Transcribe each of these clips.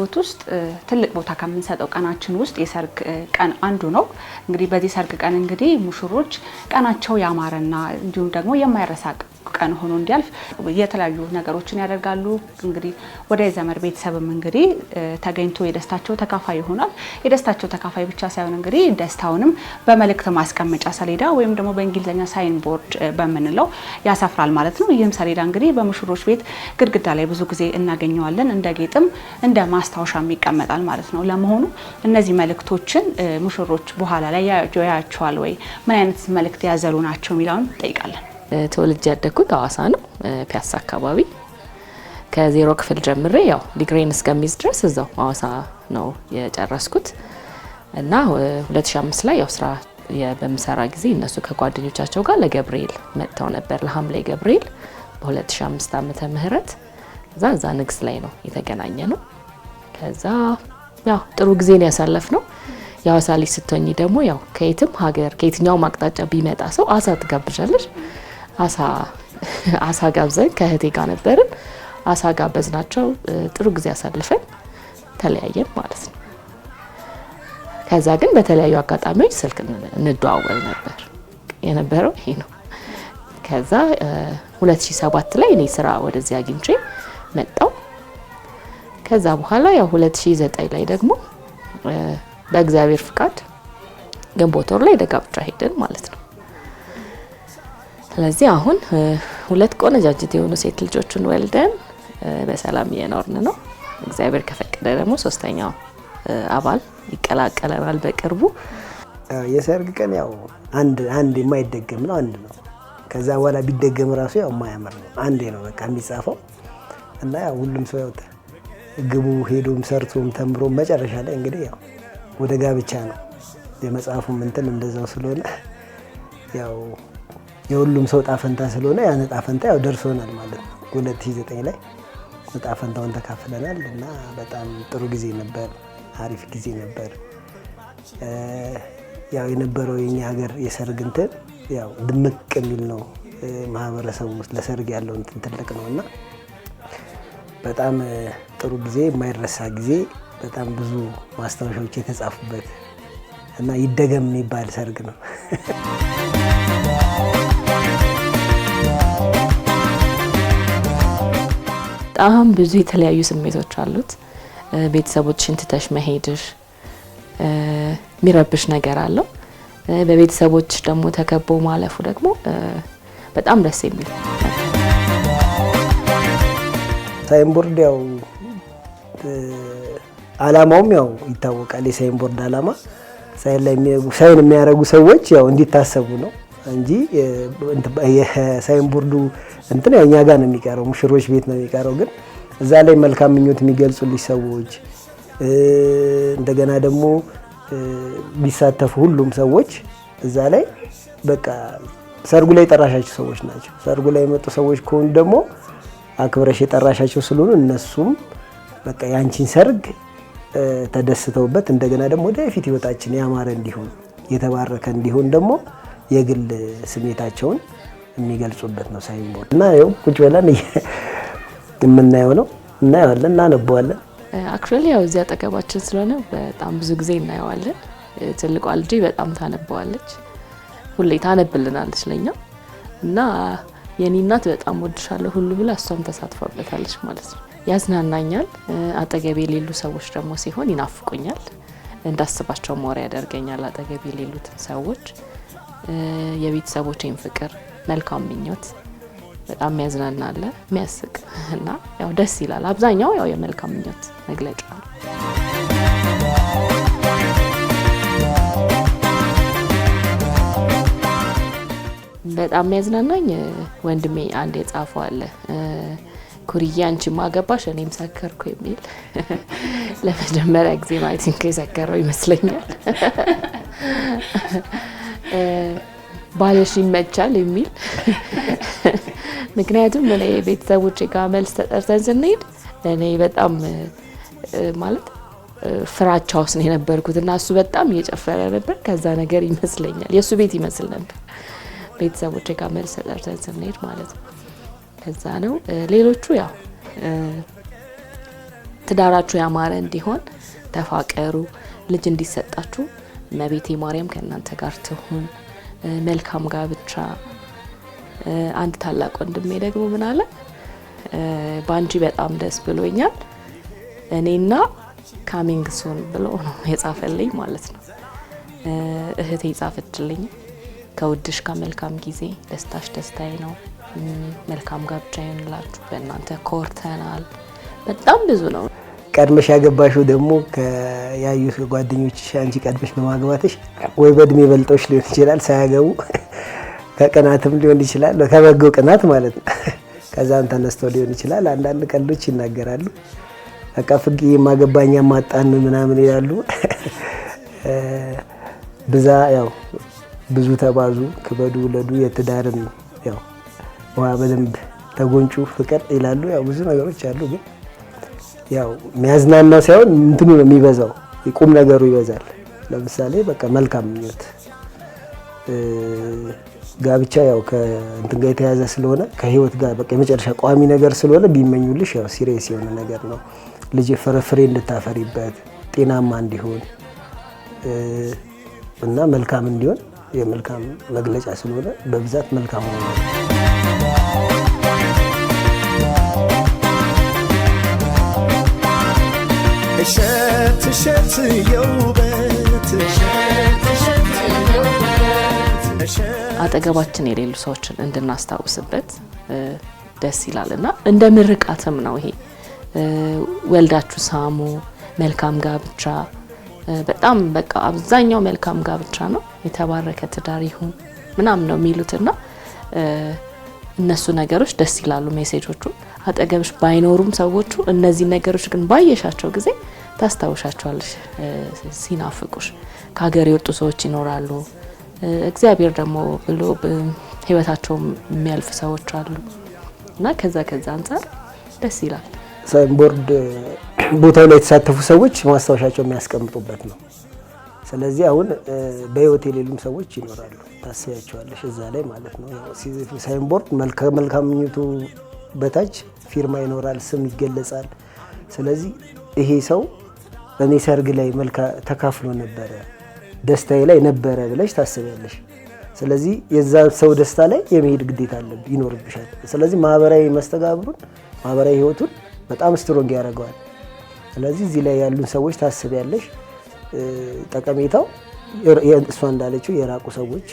ህይወት ውስጥ ትልቅ ቦታ ከምንሰጠው ቀናችን ውስጥ የሰርግ ቀን አንዱ ነው። እንግዲህ በዚህ ሰርግ ቀን እንግዲህ ሙሽሮች ቀናቸው ያማረና እንዲሁም ደግሞ የማይረሳ ቀን ሆኖ እንዲያልፍ የተለያዩ ነገሮችን ያደርጋሉ። እንግዲህ ወደ የዘመድ ቤተሰብም እንግዲህ ተገኝቶ የደስታቸው ተካፋይ ይሆናል። የደስታቸው ተካፋይ ብቻ ሳይሆን እንግዲህ ደስታውንም በመልእክት ማስቀመጫ ሰሌዳ ወይም ደግሞ በእንግሊዝኛ ሳይን ቦርድ በምንለው ያሰፍራል ማለት ነው። ይህም ሰሌዳ እንግዲህ በሙሽሮች ቤት ግድግዳ ላይ ብዙ ጊዜ እናገኘዋለን። እንደ ጌጥም እንደ ማስታወሻም ይቀመጣል ማለት ነው። ለመሆኑ እነዚህ መልእክቶችን ሙሽሮች በኋላ ላይ ያያቸዋል ወይ? ምን አይነት መልእክት ያዘሉ ናቸው የሚለውን ጠይቃለን። ተወልጄ ያደግኩት ሀዋሳ ነው፣ ፒያሳ አካባቢ ከዜሮ ክፍል ጀምሬ ያው ዲግሪን እስከሚዝ ድረስ እዛው ሀዋሳ ነው የጨረስኩት እና 2005 ላይ ያው ስራ በምሰራ ጊዜ እነሱ ከጓደኞቻቸው ጋር ለገብርኤል መጥተው ነበር፣ ለሐምሌ ገብርኤል በ2005 ዓመተ ምህረት እዛ እዛ ንግስ ላይ ነው የተገናኘ ነው። ከዛ ያው ጥሩ ጊዜ ያሳለፍ ነው። የሀዋሳ ልጅ ስትሆኚ ደግሞ ያው ከየትም ሀገር ከየትኛውም አቅጣጫ ቢመጣ ሰው አሳ ትጋብዣለሽ። አሳ አሳ ጋብዘን ከእህቴ ጋር ነበርን። አሳ ጋበዝናቸው። ጥሩ ጊዜ አሳልፈን ተለያየን ማለት ነው። ከዛ ግን በተለያዩ አጋጣሚዎች ስልክ እንደዋወል ነበር የነበረው ይሄ ነው። ከዛ 2007 ላይ እኔ ስራ ወደዚህ አግኝቼ መጣው። ከዛ በኋላ ያው 2009 ላይ ደግሞ በእግዚአብሔር ፍቃድ ግንቦት ወር ላይ ለጋብቻ ሄደን ማለት ነው። ስለዚህ አሁን ሁለት ቆነጃጅት የሆኑ ሴት ልጆችን ወልደን በሰላም እየኖርን ነው። እግዚአብሔር ከፈቀደ ደግሞ ሶስተኛው አባል ይቀላቀለናል በቅርቡ። የሰርግ ቀን ያው አንድ አንድ የማይደገም ነው፣ አንድ ነው። ከዛ በኋላ ቢደገም ራሱ ያው የማያምር ነው። አንዴ ነው በቃ የሚጻፈው እና ያው ሁሉም ሰው ያው ግቡ ሄዶም ሰርቶም ተምሮም መጨረሻ ላይ እንግዲህ ያው ወደ ጋብቻ ነው የመጽሐፉም እንትን እንደዛው ስለሆነ ያው የሁሉም ሰው ጣፈንታ ስለሆነ ያን ጣፈንታ ያው ደርሶናል ማለት ነው። 2009 ላይ ጣፈንታውን ተካፍለናል እና በጣም ጥሩ ጊዜ ነበር፣ አሪፍ ጊዜ ነበር። ያው የነበረው የኛ ሀገር የሰርግ እንትን ያው ድምቅ የሚል ነው። ማህበረሰቡ ውስጥ ለሰርግ ያለው እንትን ትልቅ ነው እና በጣም ጥሩ ጊዜ፣ የማይረሳ ጊዜ፣ በጣም ብዙ ማስታወሻዎች የተጻፉበት እና ይደገም የሚባል ሰርግ ነው። በጣም ብዙ የተለያዩ ስሜቶች አሉት። ቤተሰቦችሽን ትተሽ መሄድሽ የሚረብሽ ነገር አለው። በቤተሰቦች ደግሞ ተከቦ ማለፉ ደግሞ በጣም ደስ የሚል ሳይን ቦርድ ያው አላማውም ያው ይታወቃል። የሳይን ቦርድ አላማ ሳይን ላይ ሳይን የሚያደርጉ ሰዎች ያው እንዲታሰቡ ነው እንጂ ሳይን ቦርዱ እንትን ያው እኛ ጋር ነው የሚቀረው፣ ሙሽሮች ቤት ነው የሚቀረው። ግን እዛ ላይ መልካም ምኞት የሚገልጹልሽ ሰዎች እንደገና ደግሞ ቢሳተፉ ሁሉም ሰዎች እዛ ላይ በቃ ሰርጉ ላይ የጠራሻቸው ሰዎች ናቸው። ሰርጉ ላይ የመጡ ሰዎች ከሆኑ ደግሞ አክብረሽ የጠራሻቸው ስለሆኑ እነሱም በቃ ያንቺን ሰርግ ተደስተውበት እንደገና ደግሞ ወደፊት ህይወታችን ያማረ እንዲሆን የተባረከ እንዲሆን ደግሞ የግል ስሜታቸውን የሚገልጹበት ነው ቦርድ እና ይኸው ቁጭ ብለን የምናየው ነው። እናየዋለን፣ እናነበዋለን። አክቹዋሊ ያው እዚህ አጠገባችን ስለሆነ በጣም ብዙ ጊዜ እናየዋለን። ትልቋ ልጅ በጣም ታነበዋለች፣ ሁሌ ታነብልናለች ለኛ እና የኔ እናት በጣም ወድሻለሁ ሁሉ ብላ እሷም ተሳትፋበታለች ማለት ነው። ያዝናናኛል። አጠገቤ የሌሉ ሰዎች ደግሞ ሲሆን ይናፍቁኛል፣ እንዳስባቸው ሞር ያደርገኛል። አጠገቤ የሌሉትን ሰዎች የቤተሰቦቼን ፍቅር መልካም ምኞት በጣም የሚያዝናናለ የሚያስቅ እና ያው ደስ ይላል። አብዛኛው ያው የመልካም ምኞት መግለጫ በጣም የሚያዝናናኝ ወንድሜ አንድ የጻፈው አለ ኩርዬ አንቺማ ማገባሽ እኔም ሰከርኩ የሚል ለመጀመሪያ ጊዜ ማይቲንክ የሰከረው ይመስለኛል። ባልሽ ይመቻል የሚል ምክንያቱም እኔ ቤተሰቦች ጋር መልስ ተጠርተን ስንሄድ እኔ በጣም ማለት ፍራቻ ውስጥ ነው የነበርኩት እና እሱ በጣም እየጨፈረ ነበር። ከዛ ነገር ይመስለኛል የእሱ ቤት ይመስል ነበር ቤተሰቦች ጋር መልስ ተጠርተን ስንሄድ ማለት ነው። ከዛ ነው ሌሎቹ ያው ትዳራችሁ ያማረ እንዲሆን ተፋቀሩ፣ ልጅ እንዲሰጣችሁ እመቤቴ ማርያም ከእናንተ ጋር ትሁን መልካም ጋብቻ። አንድ ታላቅ ወንድሜ ደግሞ ምን አለ፣ በአንቺ በጣም ደስ ብሎኛል እኔና ካሚንግ ሱን ብሎ ነው የጻፈልኝ ማለት ነው። እህቴ ጻፈችልኝ፣ ከውድሽ ከመልካም ጊዜ፣ ደስታሽ ደስታዬ ነው፣ መልካም ጋብቻ ይሆንላችሁ፣ በእናንተ ኮርተናል። በጣም ብዙ ነው ቀድመሽ ያገባሽው ደግሞ ከያዩ ጓደኞችሽ አንቺ ቀድመሽ በማግባትሽ ወይ በእድሜ በልጦች ሊሆን ይችላል ሳያገቡ ከቅናትም ሊሆን ይችላል ከበጎ ቅናት ማለት ነው። ከዛም ተነስቶ ሊሆን ይችላል አንዳንድ ቀልዶች ይናገራሉ። በቃ ፍጌ የማገባኛ ማጣን ምናምን ይላሉ። ብዛ ያው ብዙ ተባዙ፣ ክበዱ፣ ውለዱ፣ የትዳርን ያው ውሃ በደንብ ተጎንጩ፣ ፍቅር ይላሉ። ያው ብዙ ነገሮች አሉ ግን ያው የሚያዝናና ሳይሆን እንትኑ ነው የሚበዛው፣ ቁም ነገሩ ይበዛል። ለምሳሌ በቃ መልካም ምኞት ጋብቻ ያው ከእንትን ጋር የተያዘ ስለሆነ ከህይወት ጋር በቃ የመጨረሻ ቋሚ ነገር ስለሆነ ቢመኙልሽ ያው ሲሬስ የሆነ ነገር ነው። ልጅ ፍሬ እንድታፈሪበት ጤናማ እንዲሆን እና መልካም እንዲሆን የመልካም መግለጫ ስለሆነ በብዛት መልካም ነው። እሸት የውበት አጠገባችን የሌሉ ሰዎችን እንድናስታውስበት ደስ ይላል እና እንደ ምርቃትም ነው ይሄ ወልዳችሁ ሳሙ፣ መልካም ጋብቻ በጣም በቃ አብዛኛው መልካም ጋብቻ ነው፣ የተባረከ ትዳር ይሁን ምናምን ነው የሚሉት እና እነሱ ነገሮች ደስ ይላሉ። ሜሴጆቹ አጠገብሽ ባይኖሩም ሰዎቹ እነዚህ ነገሮች ግን ባየሻቸው ጊዜ ታስታውሻቸዋለሽ ሲናፍቁሽ። ከሀገር የወጡ ሰዎች ይኖራሉ። እግዚአብሔር ደግሞ ብሎ ህይወታቸው የሚያልፍ ሰዎች አሉ እና ከዛ ከዛ አንጻር ደስ ይላል። ቦርድ ቦታው ላይ የተሳተፉ ሰዎች ማስታወሻቸው የሚያስቀምጡበት ነው። ስለዚህ አሁን በህይወት የሌሉም ሰዎች ይኖራሉ። ታስያቸዋለሽ እዛ ላይ ማለት ነው። ሳይን ቦርድ በታች ፊርማ ይኖራል፣ ስም ይገለጻል። ስለዚህ ይሄ ሰው በእኔ ሰርግ ላይ መልካ ተካፍሎ ነበረ ደስታዬ ላይ ነበረ ብለሽ ታስቢያለሽ። ስለዚህ የዛ ሰው ደስታ ላይ የመሄድ ግዴታ አለ ይኖርብሻል። ስለዚህ ማህበራዊ መስተጋብሩን ማህበራዊ ህይወቱን በጣም ስትሮንግ ያደርገዋል። ስለዚህ እዚህ ላይ ያሉን ሰዎች ታስቢያለሽ። ጠቀሜታው እሷ እንዳለችው የራቁ ሰዎች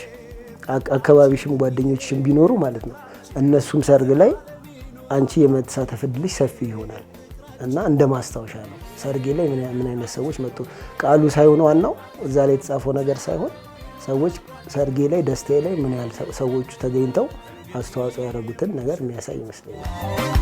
አካባቢሽም ጓደኞችሽም ቢኖሩ ማለት ነው እነሱም ሰርግ ላይ አንቺ የመተሳተፍ እድልሽ ሰፊ ይሆናል። እና እንደ ማስታወሻ ነው። ሰርጌ ላይ ምን አይነት ሰዎች መጡ ቃሉ ሳይሆን ዋናው እዛ ላይ የተጻፈው ነገር ሳይሆን ሰዎች ሰርጌ ላይ ደስታዬ ላይ ምን ያህል ሰዎቹ ተገኝተው አስተዋጽኦ ያደረጉትን ነገር የሚያሳይ ይመስለኛል።